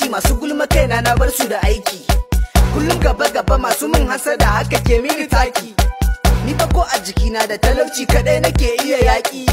aiki masu gulma kaina na bar su da aiki kullum gaba gaba masu min hasada haka ke mini taki ni ba ko a jikina da talauci kadai nake iya yaki